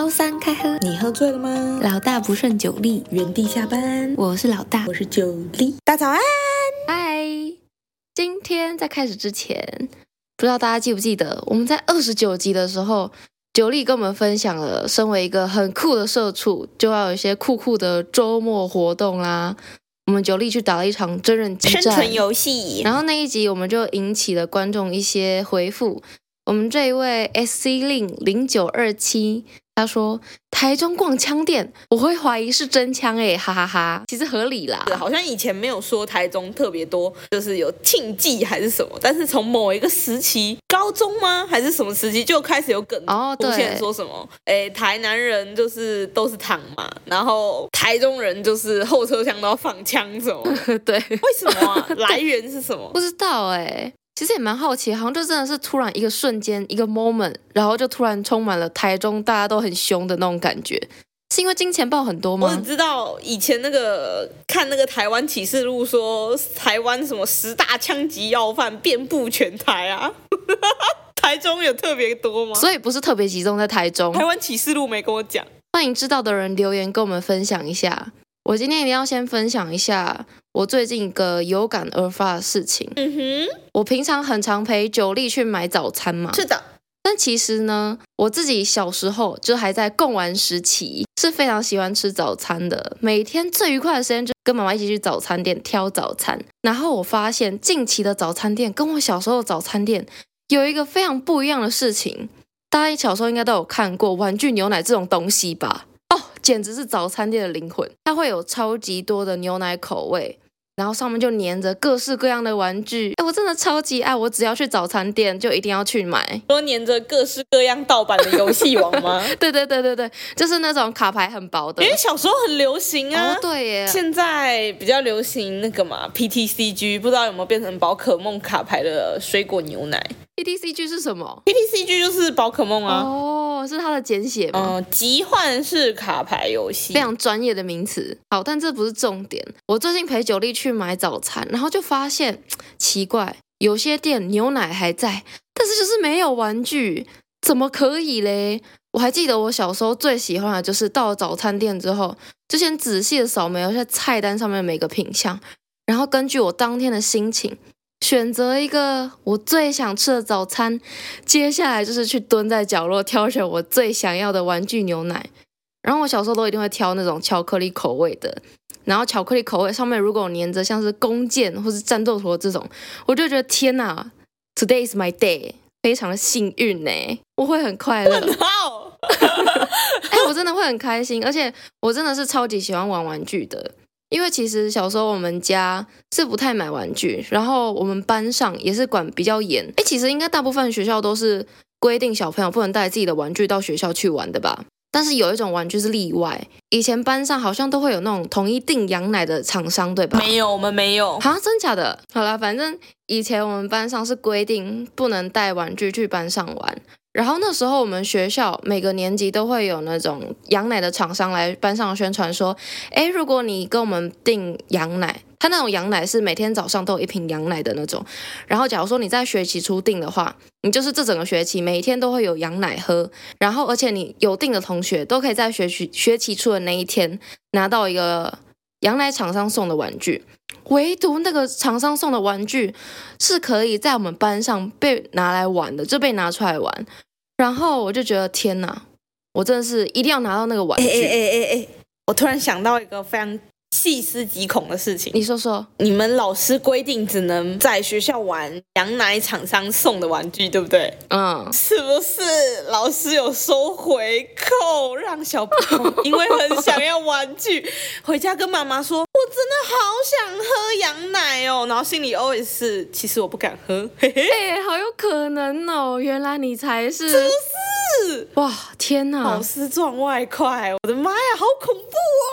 高三開喝，你喝醉了嗎？老大不勝酒力，原地下班。我是老大，我是酒力。大早安，嗨！今天在開始之前，不知道大家記不記得我們在二十九集的時候，酒力跟我們分享了，身為一個很酷的社畜，就要有一些酷酷的周末活動啦、啊。我們酒力去打了一場真人生存遊戲，然後那一集我們就引起了觀眾一些回復。我們這一位 S C 零零九二七，27，他說台中逛槍店，我會懷疑是真槍哎、欸，哈哈哈。其實合理啦，好像以前沒有說台中特別多，就是有慶忌還是什麼。但是從某一個時期，高中嗎還是什麼時期，就開始有梗、oh, 對出現，說什麼哎，台南人就是都是糖嘛，然後台中人就是後車廂都要放槍什麼。 對，為什麼、啊、 對來源是什麼？不知道哎、欸。其實也蠻好奇，好像就真的是突然一個瞬間一個 moment，然後就突然充滿了台中大家都很兇的那種感覺，是因為金錢豹很多嗎？我只知道以前那個看那個台灣啟示錄說台灣什麼十大槍擊要犯遍布全台啊， 台中有特別多嗎？所以不是特別集中在台中。台灣啟示錄沒跟我講，歡迎知道的人留言跟我們分享一下。我今天一定要先分享一下我最近一個有感而發的事情。嗯哼，我平常很常陪九力去買早餐嘛。是的。但其實呢，我自己小時候就還在共玩時期，是非常喜歡吃早餐的。每天最愉快的時間就跟媽媽一起去早餐店挑早餐。然後我發現近期的早餐店跟我小時候的早餐店有一個非常不一樣的事情。大家小時候應該都有看過玩具牛奶這種東西吧？簡直是早餐店的靈魂，它會有超級多的牛奶口味，然後上面就粘着各式各樣的玩具。哎，我真的超級愛，我只要去早餐店就一定要去買。都粘着各式各樣盜版的遊戲王嗎？ 對對對對對，就是那種卡牌很薄的，因為小時候很流行啊。哦，對耶，現在比較流行那個嘛，PTCG，不知道有沒有變成寶可夢卡牌的水果牛奶。PTCG 是什麼？PTCG 就是寶可夢啊！哦，oh, 是它的簡寫嗎？嗯，uh, 集換式卡牌遊戲，非常專業的名詞。好，但這不是重點。我最近陪九莉去買早餐，然後就發現奇怪，有些店牛奶還在，但是就是沒有玩具，怎麼可以嘞？我還記得我小時候最喜歡的就是到了早餐店之後，就先仔細的掃描一下菜單上面每個品項，然後根據我當天的心情。選擇一個我最想吃的早餐，接下來就是去蹲在角落挑選我最想要的玩具牛奶。然後我小時候都一定會挑那種巧克力口味的，然後巧克力口味上面如果粘着像是弓箭或是戰鬥陀這種，我就覺得天吶，Today is my day，非常的幸運呢，欸，我會很快樂。哇好，哎、 欸，我真的會很開心，而且我真的是超級喜歡玩玩具的。因為其實小時候我們家是不太買玩具，然後我們班上也是管比較嚴。哎，其實應該大部分學校都是規定小朋友不能帶自己的玩具到學校去玩的吧？但是有一種玩具是例外，以前班上好像都會有那種統一訂羊奶的廠商，對吧？沒有，我們沒有啊，真假的？好了，反正以前我們班上是規定不能帶玩具去班上玩。然後那時候我們學校每個年級都會有那種羊奶的廠商來班上宣傳說，誒，如果你跟我們訂羊奶，他那種羊奶是每天早上都有一瓶羊奶的那種。然後假如說你在學期初訂的話，你就是這整個學期每一天都會有羊奶喝。然後而且你有訂的同學都可以在學期，學期初的那一天拿到一個羊奶廠商送的玩具，唯獨那個廠商送的玩具是可以在我們班上被拿來玩的，就被拿出來玩。然後我就覺得天吶，我真的是一定要拿到那個玩具！誒哎哎哎哎，我突然想到一個非常。細思極恐的事情，你說說，你們老師規定只能在學校玩羊奶廠商送的玩具，對不對？嗯，是不是老師有收回扣，讓小朋友，因為很想要玩具， 回家跟媽媽說，我真的好想喝羊奶哦，然後心裡 always 其實我不敢喝，嘿 嘿、欸，好有可能哦，原來你才是，是不是，哇，天吶，老師賺外快，我的媽呀，好恐怖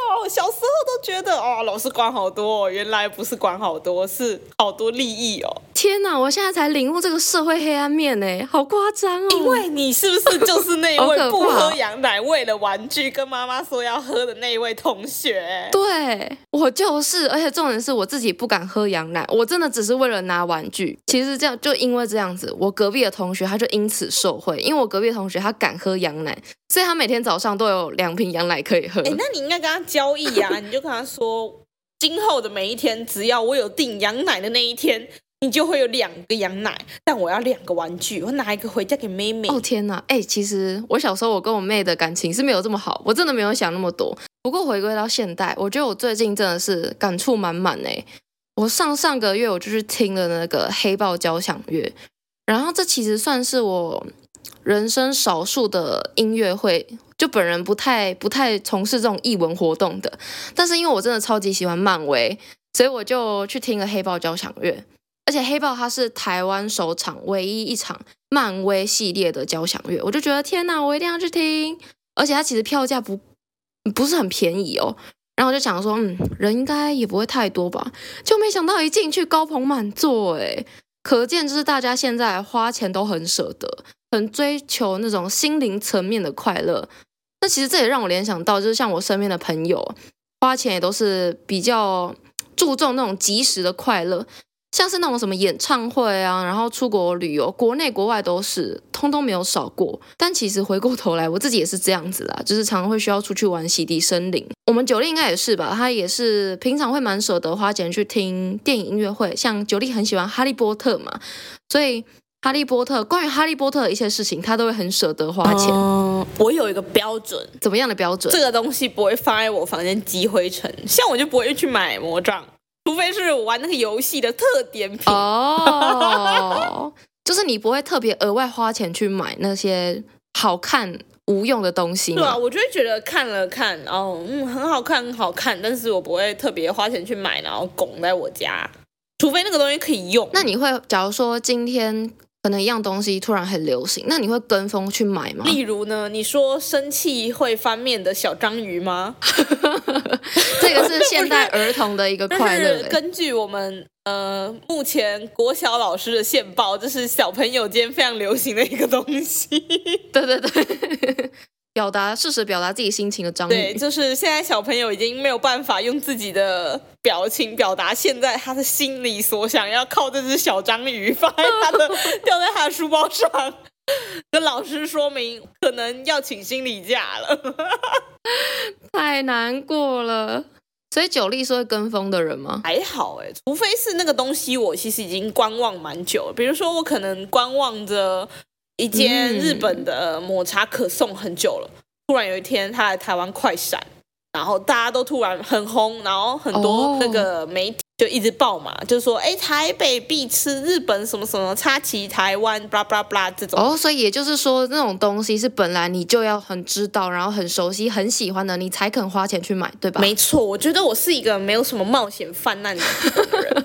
哦，小時候都覺得。哦，老師管好多哦，原來不是管好多，是好多利益哦。天啊，我現在才領悟這個社會黑暗面耶，好誇張哦！因為你是不是就是那一位不喝羊奶為了玩具跟媽媽說要喝的那一位同學？ 對，我就是，而且重點是，我自己不敢喝羊奶，我真的只是為了拿玩具。其實這樣就因為這樣子，我隔壁的同學他就因此受惠，因為我隔壁的同學他敢喝羊奶，所以他每天早上都有兩瓶羊奶可以喝。哎、欸，那你應該跟他交易啊！ 你就跟他說，今後的每一天，只要我有訂羊奶的那一天。你就會有兩個羊奶，但我要兩個玩具，我拿一個回家給妹妹。哦天哪，哎、欸，其實我小時候我跟我妹的感情是沒有這麼好，我真的沒有想那麼多。不過回歸到現代，我覺得我最近真的是感觸滿滿誒、欸，我上上個月我就去聽了那個黑豹交響樂，然後這其實算是我人生少數的音樂會，就本人不太不太從事這種藝文活動的，但是因為我真的超級喜歡漫威，所以我就去聽了黑豹交響樂。而且黑豹它是台灣首場唯一一場漫威系列的交響樂，我就覺得天吶，我一定要去聽！而且它其實票價不不是很便宜哦，然後我就想說，嗯，人應該也不會太多吧？就沒想到一進去高朋滿座，哎，可見就是大家現在花錢都很捨得，很追求那種心靈層面的快樂。那其實這也讓我聯想到，就是像我身邊的朋友，花錢也都是比較注重那種即時的快樂。像是那種什麼演唱會啊，然後出國旅遊，國內國外都是，通通沒有少過。但其實回過頭來，我自己也是這樣子啦，就是常常會需要出去玩，洗滌心靈。我們九力應該也是吧，他也是平常會蠻捨得花錢去聽電影音樂會。像九力很喜歡哈利波特嘛，所以哈利波特關於哈利波特的一些事情，他都會很捨得花錢。嗯，我有一個標準。怎麼樣的標準？這個東西不會放在我房間積灰塵，像我就不會去買魔杖。除非是玩那個遊戲的特點品哦，oh, 就是你不會特別額外花錢去買那些好看無用的東西。對啊，我就會覺得看了看，哦，嗯，很好看，很好看，但是我不會特別花錢去買，然後拱在我家，除非那個東西可以用。那你會，假如說今天。可能一樣東西突然很流行，那你會跟風去買嗎？例如呢？你說生氣會翻面的小章魚嗎？ 這個是現代兒童的一個快樂。但是根據我們呃目前國小老師的線報，這是小朋友間非常流行的一個東西。 對對對。表達事實、表達自己心情的章魚，對，就是現在小朋友已經沒有辦法用自己的表情表達現在他的心裡所想要。靠這隻小章魚放在他的 掉在他的書包上，跟老師說明，可能要請心理假了， 太難過了。所以九力是會跟風的人嗎？還好哎，除非是那個東西，我其實已經觀望蠻久了。比如說，我可能觀望着。一間日本的抹茶可頌很久了，嗯、突然有一天他來台灣快閃，然後大家都突然很紅，然後很多那個媒體就一直報嘛，哦、就說哎、欸，台北必吃日本什麼什麼插旗台灣，巴拉巴拉巴拉這種。哦，所以也就是說，那種東西是本來你就要很知道，然後很熟悉、很喜歡的，你才肯花錢去買，對吧？沒錯，我覺得我是一個沒有什麼冒險犯難的人。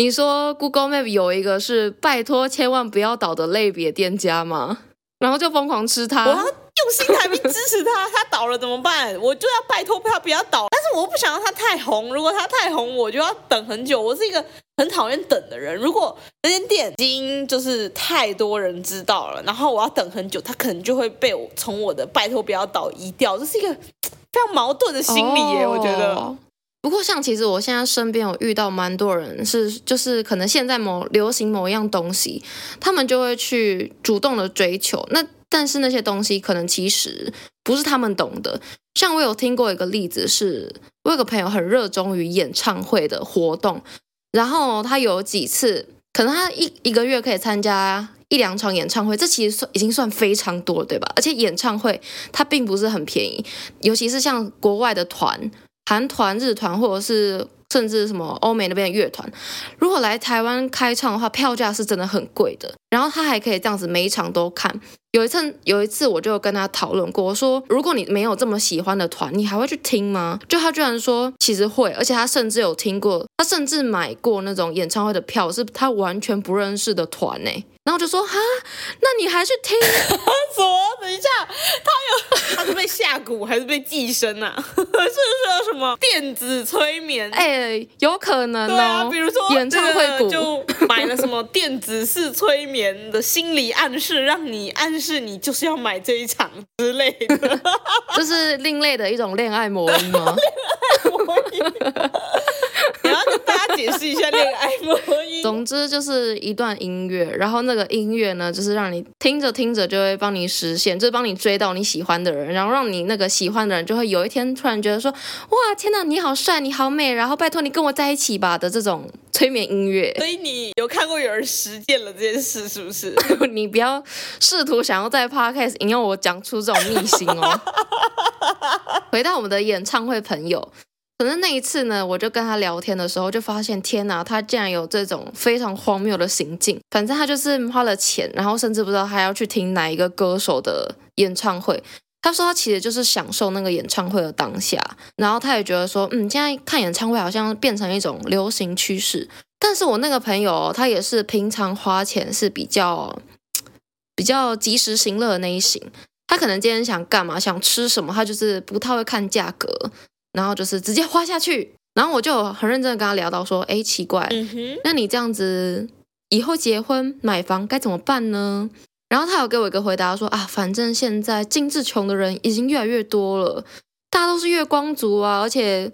你說 Google Map 有一個是拜託千萬不要倒的類別店家嗎？然後就瘋狂吃它，我要用新台幣支持它。它 倒了怎麼辦？我就要拜托它不要倒。但是我不想要它太紅，如果它太紅，我就要等很久。我是一個很討厭等的人。如果那間店已經就是太多人知道了，然後我要等很久，它可能就會被我從我的拜托不要倒移掉。這是一個非常矛盾的心理耶，oh. 我覺得。不過，像其實我現在身邊有遇到蠻多人，是就是可能現在某流行某一樣東西，他們就會去主動的追求。那但是那些東西可能其實不是他們懂的。像我有聽過一個例子是，是我有個朋友很熱衷於演唱會的活動，然後他有幾次，可能他一一個月可以參加一兩場演唱會，這其實算已經算非常多了，對吧？而且演唱會它並不是很便宜，尤其是像國外的團。韓團、日團，或者是甚至什麼歐美那邊的樂團，如果來台灣開唱的話，票價是真的很貴的。然後他還可以這樣子，每一場都看。有一次，有一次我就跟他討論過，我說：“如果你沒有這麼喜歡的團，你還會去聽嗎？”就他居然說：“其實會。”而且他甚至有聽過，他甚至買過那種演唱會的票，是他完全不認識的團呢、欸。然後就說哈，那你還是聽？怎 麼？等一下，他有他是被下蠱 還是被寄生啊？這 是什麼電子催眠？哎、欸，有可能哦。啊、比如說、這個、演唱會，就買了什麼電子式催眠的心理暗示， 讓你暗示你就是要買這一場之類的。 這是另類的一種戀愛魔音嗎？ 戀愛魔音 解釋一下戀愛魔音，總之就是一段音樂，然後那個音樂呢，就是讓你聽着聽着就會幫你實現，就幫、是、你追到你喜歡的人，然後讓你那個喜歡的人就會有一天突然覺得說，哇，天哪！啊，你好帥，你好美，然後拜託你跟我在一起吧的這種催眠音樂。所以你有看過有人實踐了這件事，是不是？ 你不要試圖想要在 podcast 引誘我講出這種秘辛哦。 回到我們的演唱會朋友。可是那一次呢，我就跟他聊天的時候，就發現天哪，他竟然有這種非常荒謬的行徑。反正他就是花了錢，然後甚至不知道他要去聽哪一個歌手的演唱會。他說他其實就是享受那個演唱會的當下，然後他也覺得說，嗯，現在看演唱會好像變成一種流行趨勢。但是我那個朋友、哦，他也是平常花錢是比較比較及時行樂的那一型，他可能今天想幹嘛，想吃什麼，他就是不太會看價格。然後就是直接花下去，然後我就很認真地跟他聊到說：“哎，奇怪，那你這樣子以後結婚買房該怎麼辦呢？”然後他有給我一個回答說：“啊，反正現在精致窮的人已經越來越多了，大家都是月光族啊，而且……”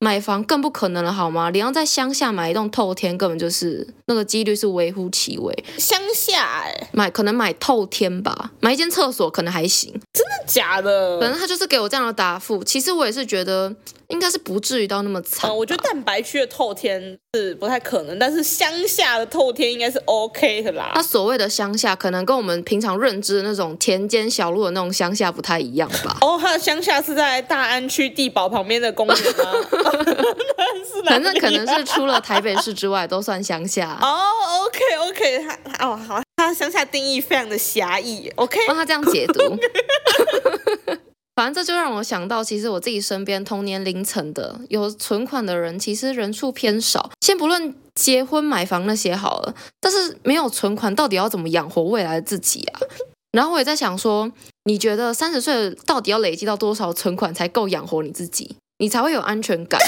買房更不可能了，好嗎？你要在鄉下買一棟透天，根本就是那個幾率是微乎其微。鄉下哎、欸，買可能買透天吧，買一間廁所可能還行。真的假的？反正他就是給我這樣的答覆。其實我也是覺得。應該是不至於到那麼慘、哦。我覺得蛋白區的透天是不太可能，但是鄉下的透天應該是 OK 的啦。它所謂的鄉下，可能跟我們平常認知的那種田間小路的那種鄉下不太一樣吧？哦，他的鄉下是在大安區地堡旁邊的公園嗎、 哦？那是哪？反正、啊、可能是除了台北市之外都算鄉下。哦，OK，OK，、okay, okay, 他哦好，好，他鄉下定義非常的狹義，OK，讓、哦、他這樣解讀。 反正這就讓我想到，其實我自己身邊同年齡層的有存款的人，其實人數偏少。先不論結婚買房那些好了，但是沒有存款，到底要怎麼養活未來的自己啊？然後我也在想說，你覺得三十歲到底要累積到多少存款才夠養活你自己，你才會有安全感？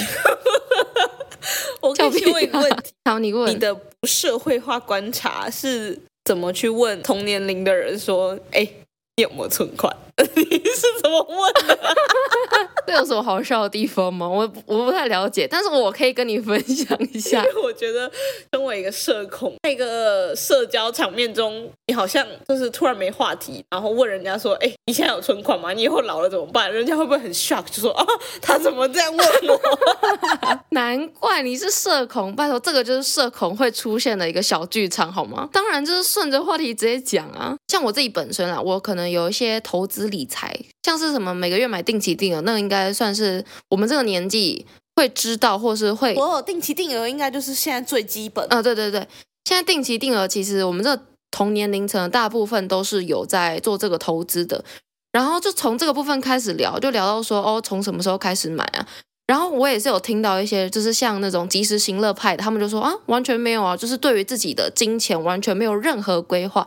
我可以問一個問題： 好，你問你的不社會化觀察是怎麼去問同年齡的人說，哎、欸？你有沒有存款？ 你是怎麼問的？ 這有什麼好笑的地方嗎？我我不太了解，但是我可以跟你分享一下。 因為我覺得身為一個社恐，在、那、一個社交場面中。好像就是突然沒話題，然後問人家說：“哎、欸，你現在有存款嗎？你以後老了怎麼辦？”人家會不會很 shock？就說：“啊，他怎麼這樣問我？ 難怪你是社恐，拜托，這個就是社恐會出現的一個小劇場，好嗎？當然就是順着話題直接講啊。像我自己本身啊，我可能有一些投資理財，像是什麼每個月買定期定額，那個、應該算是我們這個年紀會知道或是會。哦，定期定額應該就是現在最基本。啊、哦。對對對，現在定期定額其實我們這個。同年齡層大部分都是有在做這個投資的，然後就從這個部分開始聊，就聊到說哦，從什麼時候開始買啊？然後我也是有聽到一些，就是像那種及時行樂派的，他們就說啊，完全沒有啊，就是對於自己的金錢完全沒有任何規劃，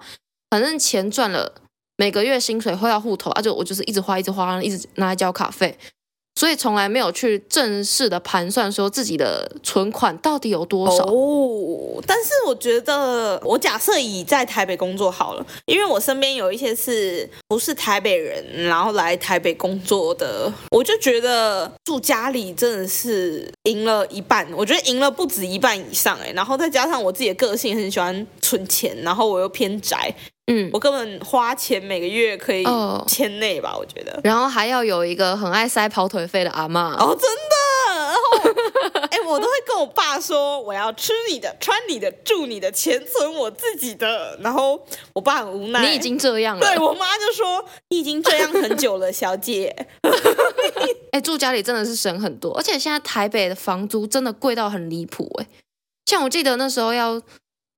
反正錢賺了，每個月薪水匯到戶頭啊，就我就是一直花，一直花，一直拿來交卡費。所以從來沒有去正式的盤算，說自己的存款到底有多少。哦，oh, 但是我覺得，我假設已在台北工作好了，因為我身邊有一些是不是台北人，然後來台北工作的，我就覺得住家裡真的是贏了一半，我覺得贏了不止一半以上，哎，然後再加上我自己的個性很喜歡存錢，然後我又偏宅。嗯，我根本花錢每個月可以千內吧，哦、我覺得。然後還要有一個很愛塞跑腿費的阿媽哦，真的。哎、 欸，我都會跟我爸說，我要吃你的，穿你的，住你的，錢存我自己的。然後我爸很無奈。你已經這樣了。對，我媽就說，你已經這樣很久了，小姐。哎、 欸，住家裡真的是省很多，而且現在台北的房租真的貴到很離譜、欸，哎。像我記得那時候要。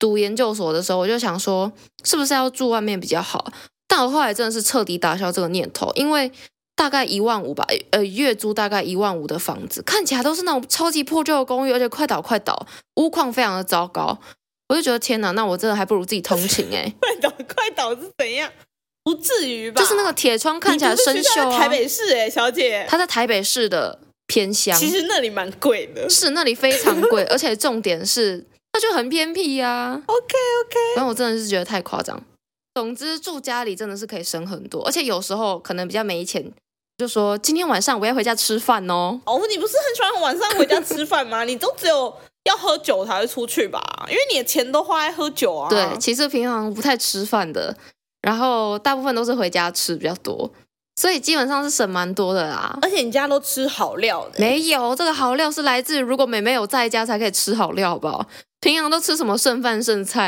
讀研究所的時候，我就想說，是不是要住外面比較好？但我後來真的是徹底打消這個念頭，因為大概一萬五吧，呃，月租大概一萬五的房子，看起來都是那種超級破舊的公寓，而且快倒快倒，屋況非常的糟糕。我就覺得天哪，那我真的還不如自己通勤哎、欸！ 快倒快倒是怎樣？不至於吧？就是那個鐵窗看起來生鏽。台北市、欸，哎，小姐、啊，它在台北市的偏鄉。其實那裡蠻貴的。是那裡非常貴，而且重點是。 那就很偏僻呀，OK OK。但我真的是覺得太誇張。總之住家裡真的是可以省很多，而且有時候可能比較沒錢，就說今天晚上我要回家吃飯哦。哦，你不是很喜歡晚上回家吃飯嗎？ 你都只有要喝酒才會出去吧？因為你的錢都花在喝酒啊。對，其實平常不太吃飯的，然後大部分都是回家吃比較多，所以基本上是省蠻多的啦。而且你家都吃好料的？沒有，這個好料是來自於如果妹妹有在家才可以吃好料，好不好？平常都吃什麼剩飯剩菜？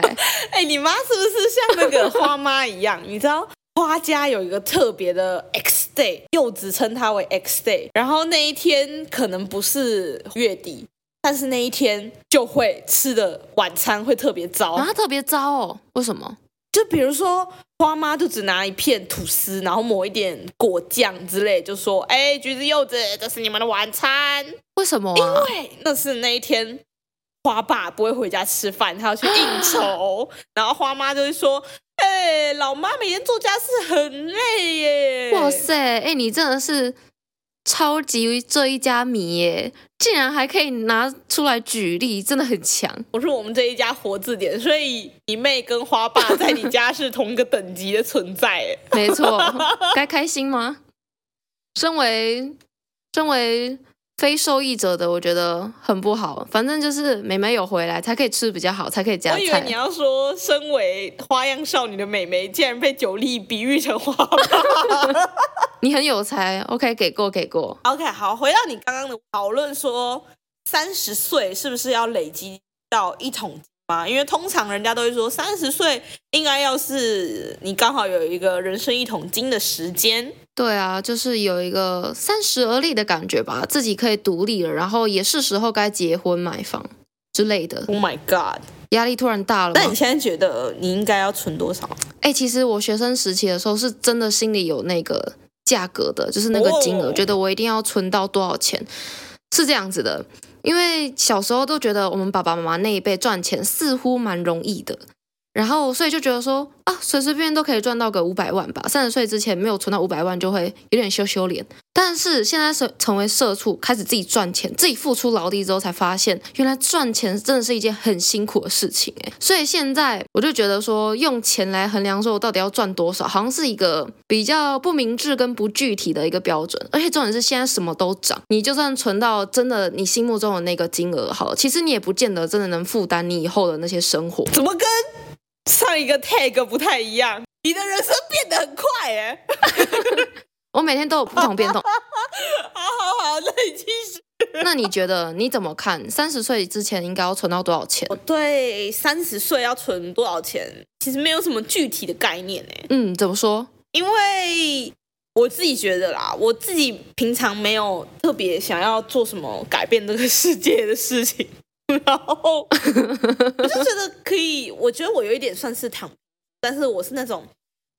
哎、 欸，你媽是不是像那個花媽一樣？ 你知道花家有一個特別的 X day，柚子稱它為 X day。然後那一天可能不是月底，但是那一天就會吃的晚餐會特別糟啊，特別糟哦！為什麼？就比如說花媽就只拿一片吐司，然後抹一點果醬之類，就說：“哎、欸，橘子、柚子，這是你們的晚餐。”為什麼、啊？因為那是那一天。花爸不會回家吃飯，他要去應酬。啊、然後花媽就會說：“哎、欸，老媽每天做家事很累耶。”哇塞，哎、欸，你真的是超級這一家迷耶！竟然還可以拿出來舉例，真的很強。我說我們這一家活字典，所以你妹跟花爸在你家是同一個等級的存在耶。 沒錯，該開心嗎？身為，身為。非受益者的我覺得很不好，反正就是美眉有回來才可以吃得比較好，才可以加菜。我以為你要說，身為花樣少女的美眉竟然被 Jolie 比喻成花。 你很有才，OK，給過給過。OK，好，回到你剛剛的討論說，說三十歲是不是要累積到一桶金嗎？因為通常人家都會說三十歲應該要是你剛好有一個人生一桶金的時間。對啊，就是有一個三十而立的感覺吧，自己可以獨立了，然後也是時候該結婚、買房之類的。Oh my god，壓力突然大了。那你現在覺得你應該要存多少？哎、欸，其實我學生時期的時候，是真的心裡有那個價格的，就是那個金額，oh. 覺得我一定要存到多少錢，是這樣子的。因為小時候都覺得我們爸爸媽媽那一輩賺錢似乎蠻容易的。然後，所以就覺得說啊，隨隨便便都可以賺到個五百萬吧。三十歲之前沒有存到五百萬，就會有點羞羞臉。但是現在是成為社畜，開始自己賺錢，自己付出勞力之後，才發現原來賺錢真的是一件很辛苦的事情哎。所以現在我就覺得說，用錢來衡量說我到底要賺多少，好像是一個比較不明智跟不具體的一個標準。而且重點是現在什麼都漲，你就算存到真的你心目中的那個金額好了，其實你也不見得真的能負擔你以後的那些生活。怎麼跟？上一個 tag 不太一樣，你的人生變得很快誒。 我每天都有不同變動。 好好好，那你其實 那你覺得你怎麼看？三十歲之前應該要存到多少錢？我對三十歲要存多少錢，其實沒有什麼具體的概念誒。嗯，怎麼說？因為我自己覺得啦，我自己平常沒有特別想要做什麼改變這個世界的事情。然後，我就覺得可以。我覺得我有一點算是躺平，但是我是那種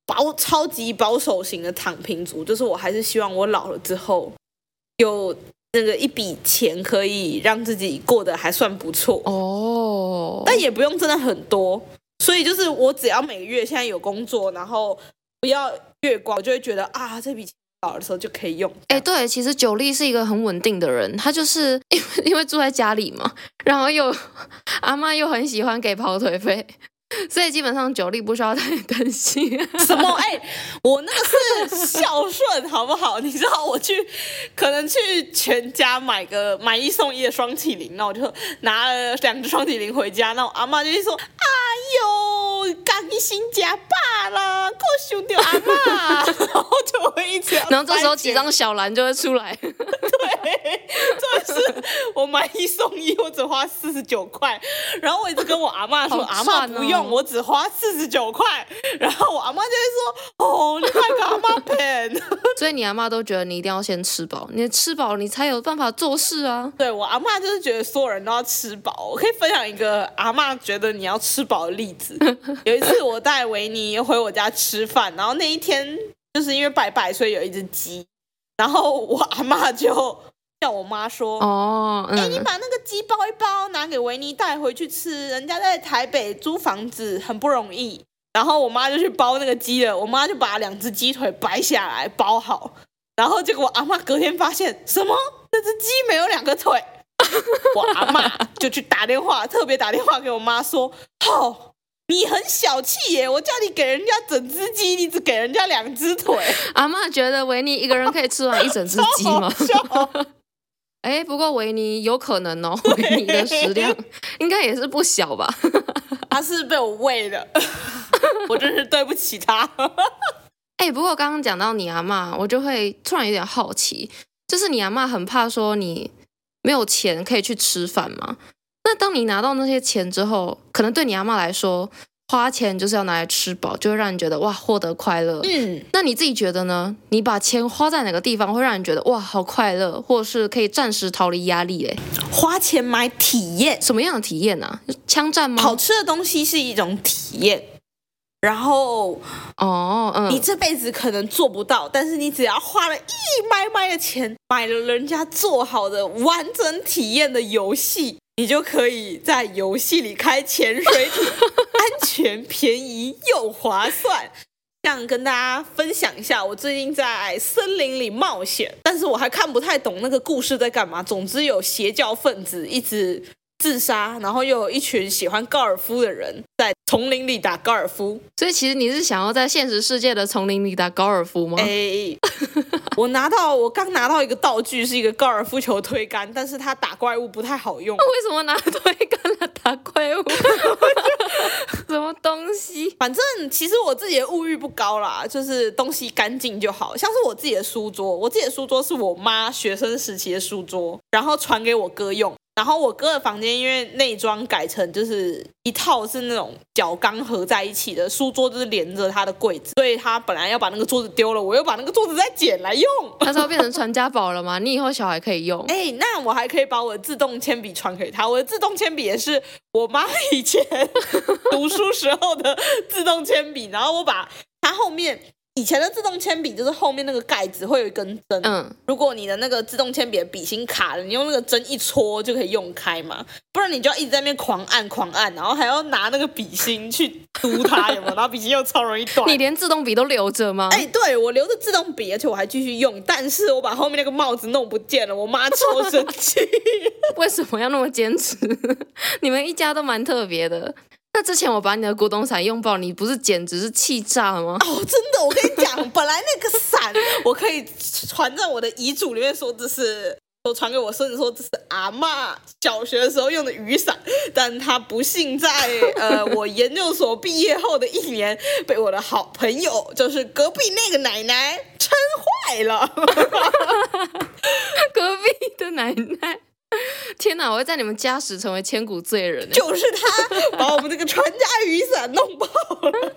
保超級保守型的躺平族，就是我還是希望我老了之後有那個一筆錢，可以讓自己過得還算不錯哦。但也不用真的很多，所以就是我只要每個月現在有工作，然後不要月光，我就會覺得啊這筆錢。老的時候就可以用。哎、欸，對，其實 Jolie 是一個很穩定的人，他就是因為因為住在家裡嘛，然後又 阿嬤又很喜歡給跑腿費。所以基本上酒力不需要太擔心、啊。什麼？哎、欸，我那個是孝順， 好不好？你知道我去，可能去全家買個買一送一的霜淇淋，那我就拿了兩只霜淇淋回家，那我阿嬤就會說：，哎呦，干一新家罷了，給我兄弟阿嬤。然後我就會一直，然後這時候幾張小蘭就會出來。對，這是我買一送一，我只花四十九塊。然後我一直跟我阿嬤說：，哦、阿嬤不用。嗯、我只花四十九塊，然後我阿媽就會說：“哦，你被阿媽騙。” 所以你阿媽都覺得你一定要先吃飽，你吃飽你才有辦法做事啊。對，我阿媽就是覺得所有人都要吃飽。我可以分享一個阿媽覺得你要吃飽的例子。有一次我帶維尼回我家吃飯， 然後那一天就是因為拜拜，所以有一隻雞，然後我阿媽就。叫我媽說：“哦，哎，你把那個雞包一包，拿給維尼帶回去吃。人家在台北租房子很不容易。然後我媽就去包那個雞了。我媽就把兩隻雞腿掰下來包好。然後結果我阿媽隔天發現什麼？那隻雞沒有兩個腿。 我阿媽就去打電話，特別打電話給我媽說：‘哦，你很小氣耶！我叫你給人家整隻雞，你只給人家兩隻腿。’阿媽覺得維尼一個人可以吃完一整隻雞嗎？” 哎，不過維尼有可能哦，對維尼的食量應該也是不小吧？ 他是被我餵的， 我真是對不起他。哎， 不過剛剛講到你阿媽，我就會突然有點好奇，就是你阿媽很怕說你沒有錢可以去吃飯嗎？那當你拿到那些錢之後，可能對你阿媽來說，花錢就是要拿來吃飽，就會讓你覺得哇，獲得快樂。嗯，那你自己覺得呢？你把錢花在哪個地方會讓你覺得哇，好快樂，或是可以暫時逃離壓力耶？花錢買體驗，什麼樣的體驗呢、啊？槍戰嗎？好吃的東西是一種體驗。然後哦，嗯，你這輩子可能做不到，但是你只要花了一百塊的錢，買了人家做好的完整體驗的遊戲。你就可以在遊戲裡開潛水艇，安全、便宜又划算。這樣跟大家分享一下，我最近在森林裡冒險，但是我還看不太懂那個故事在幹嘛。總之有邪教分子一直自殺，然後又有一群喜歡高爾夫的人。在叢林裡打高爾夫，所以其實你是想要在現實世界的叢林裡打高爾夫嗎？哎，我拿到我剛拿到一個道具，是一個高爾夫球推桿，但是它打怪物不太好用。那為什麼拿推桿來打怪物？ 就 什麼東西？反正其實我自己的物欲不高啦，就是東西乾淨就好。像是我自己的書桌，我自己的書桌是我媽學生時期的書桌，然後傳給我哥用。然後我哥的房間因為內裝改成就是一套是那種角鋼合在一起的書桌，就是連着他的櫃子，所以他本來要把那個桌子丟了，我又把那個桌子再撿來用。他說變成傳家寶了嗎？ 你以後小孩可以用。哎、欸，那我還可以把我的自動鉛筆傳給他，我的自動鉛筆也是我媽以前 讀書時候的自動鉛筆，然後我把他後面。以前的自動鉛筆就是後面那個蓋子會有一根針，嗯，如果你的那個自動鉛筆的筆芯卡了，你用那個針一戳就可以用開嘛，不然你就要一直在那邊狂按狂按，然後還要拿那個筆芯去堵它，有沒有？然後筆芯又超容易斷。你連自動筆都留着嗎？哎，對，我留着自動筆，而且我還繼續用，但是我把後面那個帽子弄不見了，我媽超生氣。為什麼要那麼堅持？你們一家都蠻特別的。那之前我把你的古董傘用爆，你不是簡直是氣炸了嗎？哦，真的，我跟你講，本來那個傘 我可以傳在我的遺囑裡面，說這是，我傳給我孫子，說這是阿嬤小學的時候用的雨傘，但他不幸在呃我研究所畢業後的一年，被我的好朋友，就是隔壁那個奶奶撐壞了， 隔壁的奶奶。天哪！我會在你們家史成為千古罪人。就是他把我們這個傳家雨傘弄爆了。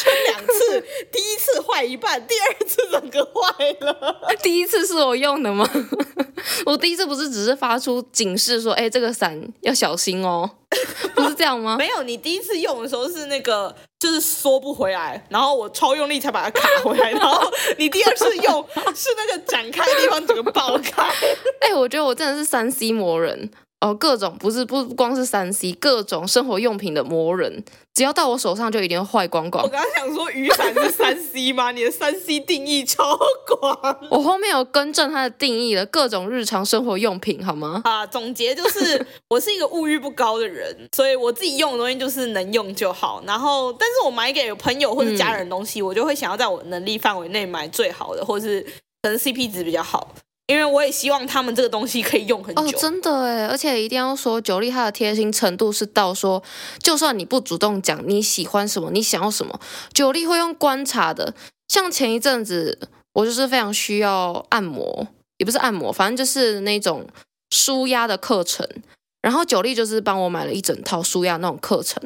穿兩次，第一次壞一半，第二次整個壞了。第一次是我用的嗎？我第一次不是只是發出警示說，哎、欸，這個傘要小心哦，不是這樣嗎？沒有，你第一次用的時候是那個，就是縮不回來，然後我超用力才把它卡回來，然後你第二次用是那個展開的地方整個爆開。哎、欸，我覺得我真的是三 C 魔人。哦，各種不是不光是三 C，各種生活用品的魔人，只要到我手上就一定會壞光光。我剛剛想說，雨傘是三 C 嗎？ 你的三 C 定義超廣，我後面有更正它的定義了，各種日常生活用品好嗎？啊，總結就是我是一個物欲不高的人， 所以我自己用的東西就是能用就好。然後，但是我買給朋友或者家人的東西，嗯、我就會想要在我的能力範圍內買最好的，或是可能 CP 值比較好。因為我也希望他們這個東西可以用很久，哦、真的哎！而且一定要說九莉他的貼心程度是到說，就算你不主動講你喜歡什麼，你想要什麼，九莉會用觀察的。像前一陣子我就是非常需要按摩，也不是按摩，反正就是那種舒壓的課程，然後九莉就是幫我買了一整套舒壓那種課程。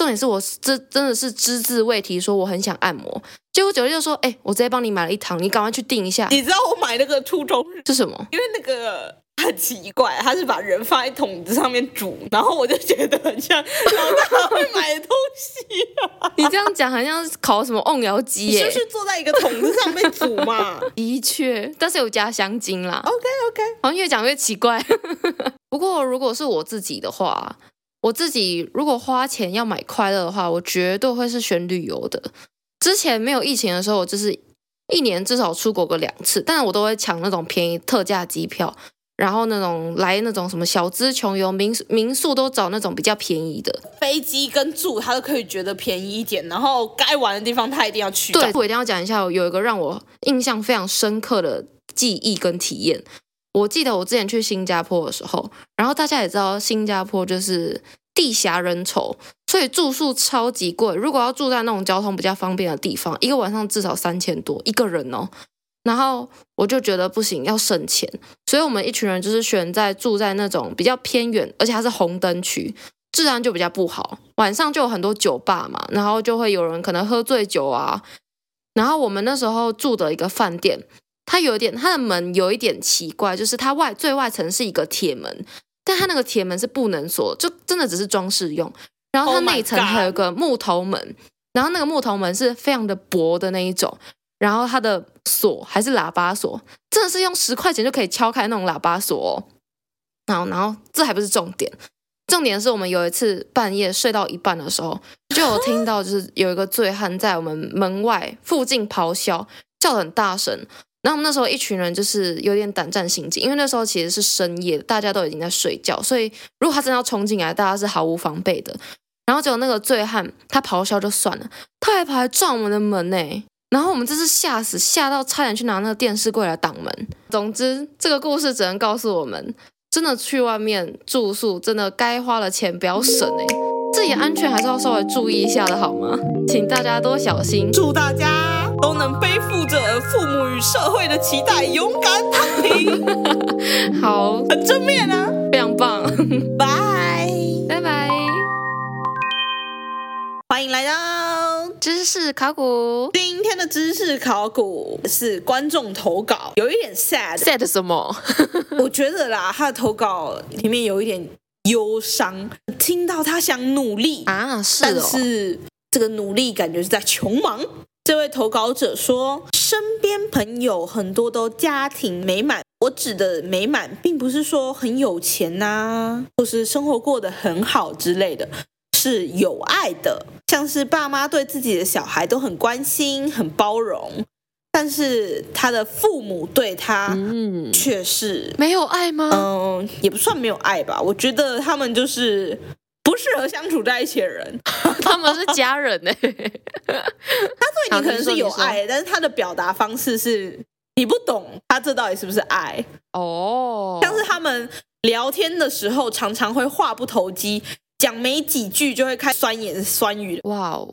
重點是我真的是只字未提說我很想按摩，結果九六就說：“哎、欸，我直接幫你買了一堂，你趕快去訂一下。”你知道我買那個初衷是什麼？因為那個很奇怪，他是把人放在桶子上面煮，然後我就覺得很像老大會買的東西、啊。 你這樣講，好像是烤什麼瓮窑雞，就是,是坐在一個桶子上面煮嘛。 的確，但是有加香精啦。OK OK，好像越講越奇怪。 不過如果是我自己的話。我自己如果花錢要買快樂的話，我絕對會是選旅遊的。之前沒有疫情的時候，我就是一年至少出國個兩次，但是我都會搶那種便宜特價機票，然後那種來那種什麼小資窮遊民宿，民宿都找那種比較便宜的飛機跟住，他都可以覺得便宜一點。然後該玩的地方他一定要去。對，我一定要講一下，有一個讓我印象非常深刻的記憶跟體驗。我記得我之前去新加坡的時候，然後大家也知道新加坡就是地狹人稠，所以住宿超級貴。如果要住在那種交通比較方便的地方，一個晚上至少三千多一個人哦。然後我就覺得不行，要省錢，所以我們一群人就是選在住在那種比較偏遠，而且還是紅燈區，治安就比較不好。晚上就有很多酒吧嘛，然後就會有人可能喝醉酒啊。然後我們那時候住的一個飯店。它有一點，它的門有一點奇怪，就是它外最外層是一個鐵門，但它那個鐵門是不能鎖，就真的只是裝飾用。然後它內層還有一個木頭門，然後那個木頭門是非常的薄的那一種。然後它的鎖還是喇叭鎖，真的是用十塊錢就可以敲開那種喇叭鎖哦。然後，然後這還不是重點，重點是我們有一次半夜睡到一半的時候，就有聽到就是有一個醉漢在我們門外附近咆哮，叫得很大聲。然後我們那時候一群人就是有點膽戰心驚，因為那時候其實是深夜，大家都已經在睡覺，所以如果他真的要衝進來，大家是毫無防備的。然後結果那個醉漢，他咆哮就算了，他還跑來撞我們的門呢、欸。然後我們真是嚇死，嚇到差點去拿那個電視櫃來擋門。總之，這個故事只能告訴我們，真的去外面住宿，真的該花的錢不要省哎、欸，自己安全還是要稍微注意一下的好嗎？請大家多小心，祝大家。都能背負着父母與社會的期待，勇敢躺平。 好，很正面啊，非常棒。拜拜拜，歡迎來到知識考古。今天的知識考古是觀眾投稿，有一點 sad sad 什麼？ 我覺得啦，他的投稿裡面有一點憂傷。聽到他想努力啊，是的。但是這個努力感覺是在窮忙。這位投稿者說，身邊朋友很多都家庭美滿。我指的美滿，並不是說很有錢吶、啊，或是生活過得很好之類的，是有愛的。像是爸媽對自己的小孩都很關心、很包容，但是他的父母對他確，嗯，卻是沒有愛嗎？嗯，也不算沒有愛吧。我覺得他們就是。不適合相處在一起的人，他們是家人呢。他對你可能是有愛，但是他的表達方式是你不懂。他這到底是不是愛？哦，oh. 像是他們聊天的時候，常常會話不投機，講沒幾句就會開酸言酸語。哇哦，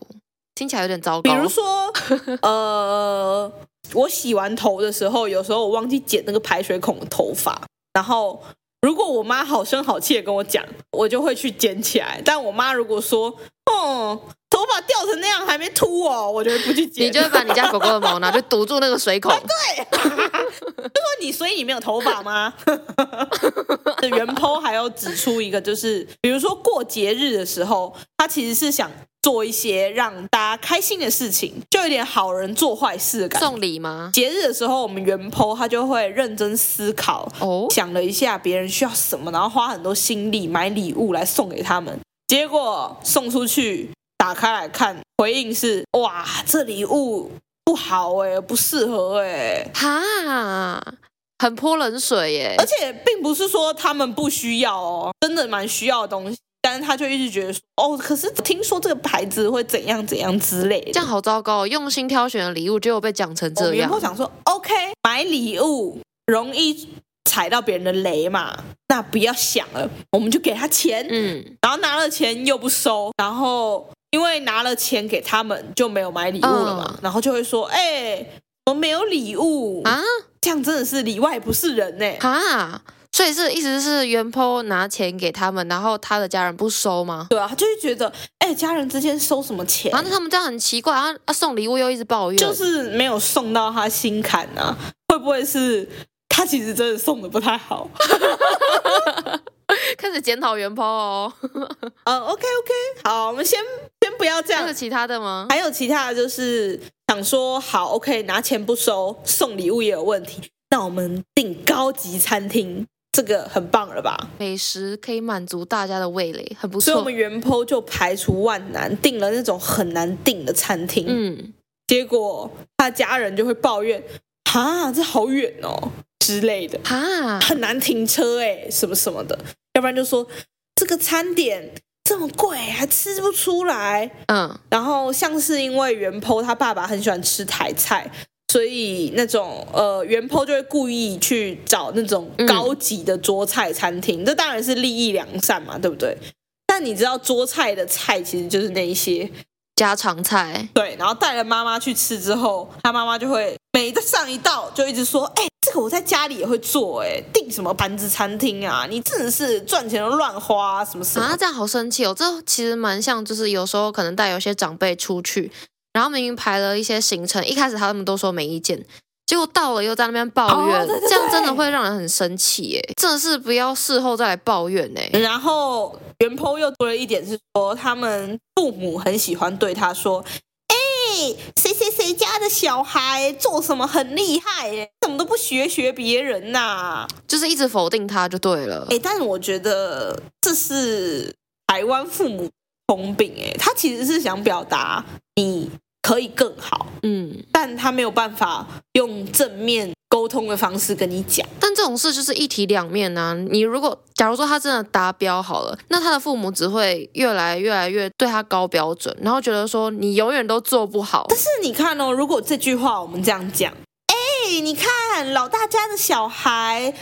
聽起來有點糟糕。比如說，呃，我洗完頭的時候，有時候我忘記剪那個排水孔的頭髮，然後。如果我媽好聲好氣的跟我講，我就會去撿起來。但我媽如果說，哦，頭髮掉成那樣還沒禿哦，我就會不去撿。你就會把你家狗狗的毛拿去堵住那個水口。 對， 就說你水裡沒有頭髮嗎？哈哈哈！哈哈哈哈哈。原 po 還要指出一個，就是比如說過節日的時候，他其實是想。做一些讓大家開心的事情，就有點好人做壞事感。送禮嗎？節日的時候，我們原 po 他就會認真思考，哦、想了一下別人需要什麼，然後花很多心力買禮物來送給他們。結果送出去，打開來看，回應是：哇，這禮物不好誒、欸，不適合哎、欸，哈，很潑冷水耶、欸。而且並不是說他們不需要哦，真的蠻需要的東西。但他就一直覺得哦，可是聽說這個牌子會怎樣怎樣之類，這樣好糟糕哦。用心挑選的禮物，結果被講成這樣。我然後想說，OK，買禮物容易踩到別人的雷嘛，那不要想了，我們就給他錢，嗯，然後拿了錢又不收，然後因為拿了錢給他們就沒有買禮物了嘛，嗯、然後就會說，哎、欸，我沒有禮物啊，這樣真的是裡外不是人呢、欸、啊。所以是一直是原 PO 拿錢給他們，然後他的家人不收嗎？對啊，他就是覺得，哎、欸，家人之間收什麼錢？然後、啊、他們這樣很奇怪，然後他送禮物又一直抱怨，就是沒有送到他心坎呢、啊、會不會是他其實真的送的不太好？ 開始檢討原 PO 哦。呃、 uh,，OK OK，好，我們先先不要這樣。還有其他的嗎？還有其他的就是想說，好，OK，拿錢不收，送禮物也有問題。那我們訂高級餐廳。這個很棒了吧？美食可以滿足大家的味蕾，很不錯。所以我們原 PO 就排除萬難訂了那種很難訂的餐廳，嗯。結果他家人就會抱怨：“哈、啊，這好遠哦，之類的，哈、啊，很難停車哎，什麼什麼的。”要不然就說這個餐點這麼貴還吃不出來，嗯。然後像是因為原 PO 他爸爸很喜歡吃台菜。所以那種呃、，原 po 就會故意去找那種高級的桌菜餐廳，嗯、這當然是立意良善嘛，對不對？但你知道桌菜的菜其實就是那一些家常菜，對。然後帶了媽媽去吃之後，她媽媽就會每一個上一道就一直說：“哎、欸，這個我在家裡也會做，欸，哎，訂什麼盤子餐廳啊？你真的是賺錢都亂花，啊，什麼什麼啊，啊？”這樣好生氣哦，這其實蠻像，就是有時候可能帶有些長輩出去。然後明明排了一些行程，一開始他們都說沒意見，結果到了又在那邊抱怨，哦、對對對，這樣真的會讓人很生氣耶！真的是不要事後再來抱怨哎。然後原 PO 又多了一點是說，他們父母很喜歡對他說：“哎，誰誰誰家的小孩做什麼很厲害耶，怎麼都不學學別人吶、啊？”就是一直否定他就對了哎。但我覺得這是台灣父母的通病哎，他其實是想表達你可以更好，嗯，但他沒有辦法用正面溝通的方式跟你講。但這種事就是一體兩面啊。你如果假如說他真的達標好了，那他的父母只會越來越來越對他高標準，然後覺得說你永遠都做不好。但是你看哦，如果這句話我們這樣講，哎，你看老大家的小孩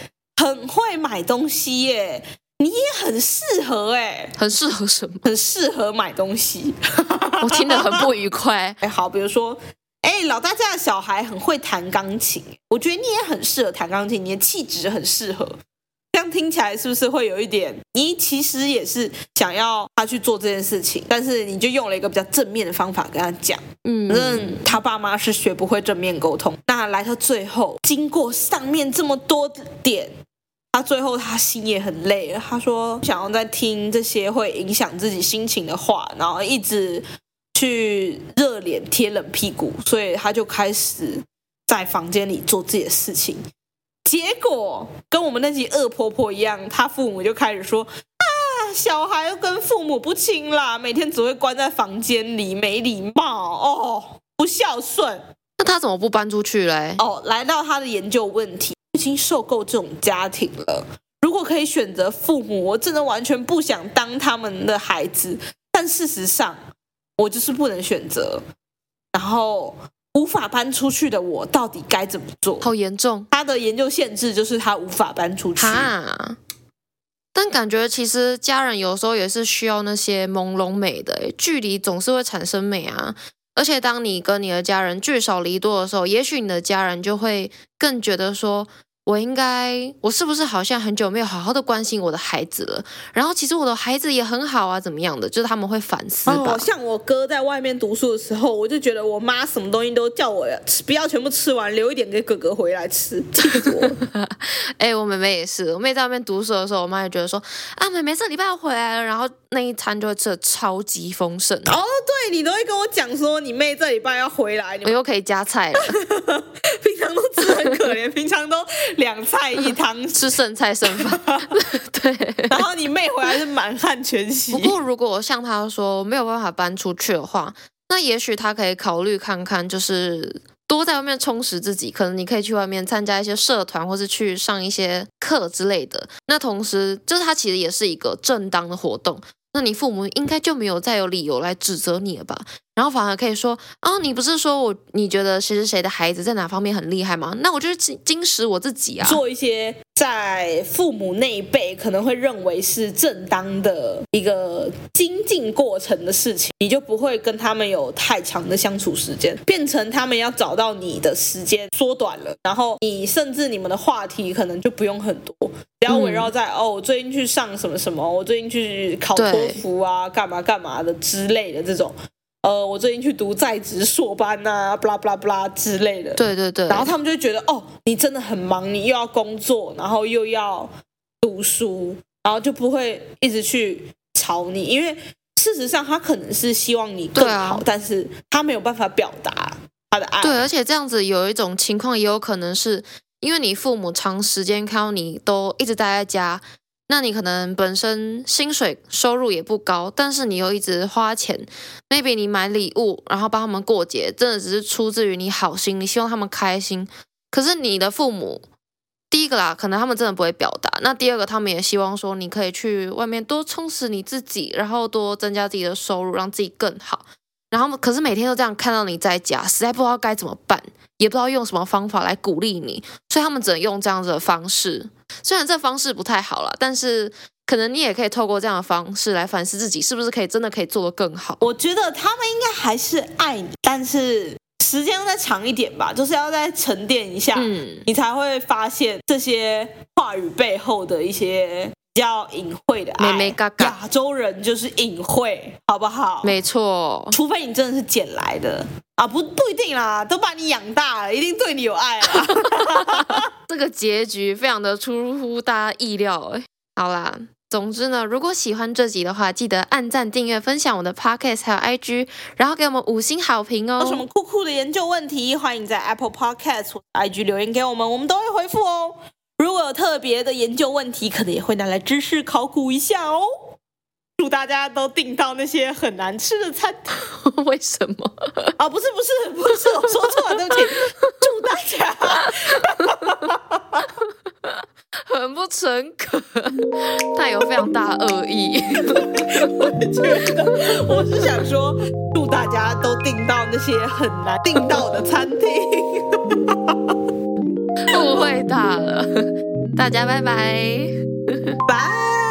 很會買東西耶。你也很適合哎、欸，很適合什麼？很適合買東西。 我聽得很不愉快。哎，好，比如說，哎，老大家的小孩很會彈鋼琴，我覺得你也很適合彈鋼琴，你的氣質很適合。這樣聽起來是不是會有一點？你其實也是想要他去做這件事情，但是你就用了一個比較正面的方法跟他講。嗯，反正他爸媽是學不會正面溝通。那來到最後，經過上面這麼多點。他最後，他心也很累。他說想要再聽這些會影響自己心情的話，然後一直去熱臉貼冷屁股，所以他就開始在房間裡做自己的事情。結果跟我們那集惡婆婆一樣，他父母就開始說：“啊，小孩跟父母不親啦，每天只會關在房間裡，沒禮貌哦，不孝順。”那他怎麼不搬出去嘞？哦，來到他的研究問題。已經受夠這種家庭了。如果可以選擇父母，我真的完全不想當他們的孩子。但事實上，我就是不能選擇。然後無法搬出去的我，到底該怎麼做？好嚴重！他的研究限制就是他無法搬出去哈啊。但感覺其實家人有時候也是需要那些朦朧美的，距離總是會產生美啊。而且當你跟你的家人聚少離多的時候，也許你的家人就會更覺得說。我應該，我是不是好像很久沒有好好的關心我的孩子了？然後其實我的孩子也很好啊，怎麼樣的？就是他們會反思好，哦、像我哥在外面讀書的時候，我就覺得我媽什麼東西都叫我吃，不要全部吃完，留一點給哥哥回來吃。哎 、欸，我妹妹也是，我妹在外面讀書的時候，我媽也覺得說啊，妹妹這禮拜要回來了，然後那一餐就會吃得超級豐盛。哦，對，你都會跟我講說你妹這禮拜要回來，你們又可以加菜了。 平常都吃的很可憐，平常都。 兩菜一湯， 吃剩菜剩飯， 對。 然後你妹回來是滿漢全席。不過如果我向她說沒有辦法搬出去的話，那也許她可以考慮看看，就是多在外面充實自己。可能你可以去外面參加一些社團，或是去上一些課之類的。那同時就是她其實也是一個正當的活動。那你父母應該就沒有再有理由來指責你了吧？然後反而可以說啊、哦，你不是說我，你覺得誰誰誰的孩子，在哪方面很厲害嗎？那我就是精精實我自己啊，做一些在父母那一輩可能會認為是正當的一個精進過程的事情，你就不會跟他們有太長的相處時間，變成他們要找到你的時間縮短了，然後你甚至你們的話題可能就不用很多，不要圍繞在、嗯、哦，我最近去上什麼什麼，我最近去考托福啊，對幹嘛幹嘛的之類的這種。呃，我最近去讀在職碩班呐，巴拉巴拉巴拉之類的。對對對。然後他們就覺得，哦，你真的很忙，你又要工作，然後又要讀書，然後就不會一直去吵你，因為事實上他可能是希望你更好，啊、但是他沒有辦法表達他的愛。對，而且這樣子有一種情況，也有可能是因為你父母長時間看到你都一直待在家。那你可能本身薪水收入也不高，但是你又一直花錢，maybe 你買禮物，然後幫他們過節，真的只是出自於你好心，你希望他們開心。可是你的父母，第一個啦，可能他們真的不會表達；那第二個，他們也希望說你可以去外面多充實你自己，然後多增加自己的收入，讓自己更好。然後，可是每天都這樣看到你在家，實在不知道該怎麼辦，也不知道用什麼方法來鼓勵你，所以他們只能用這樣子的方式。雖然這方式不太好了，但是可能你也可以透過這樣的方式來反思自己，是不是可以真的可以做得更好。我覺得他們應該還是愛你，但是時間要再長一點吧，就是要再沉澱一下，嗯，你才會發現這些話語背後的一些。比較隱晦的愛。妹妹嘎嘎。啊，亞洲人就是隱晦，好不好？沒錯錯，除非你真的是撿來的啊，不不一定啦，都把你養大了，一定對你有愛啊。 這個結局非常的出乎大家意料哎。好啦，總之呢，如果喜歡這集的話，記得按讚、訂閱、分享我的 Podcast，還有 IG，然後給我們五星好評哦、喔。有什麼酷酷的研究問題，歡迎在 Apple Podcast 或 IG 留言給我們，我們都會回復哦、喔。如果有特別的研究問題，可能也會拿來知識考古一下哦。祝大家都訂到那些很難吃的餐……為什麼？啊，不是不是不是，我說錯了，對不起。祝大家，很不誠懇，帶有非常大惡意。我覺得。我是想說，祝大家都訂到那些很難訂到的餐廳。誤會大了， 大家拜拜，拜。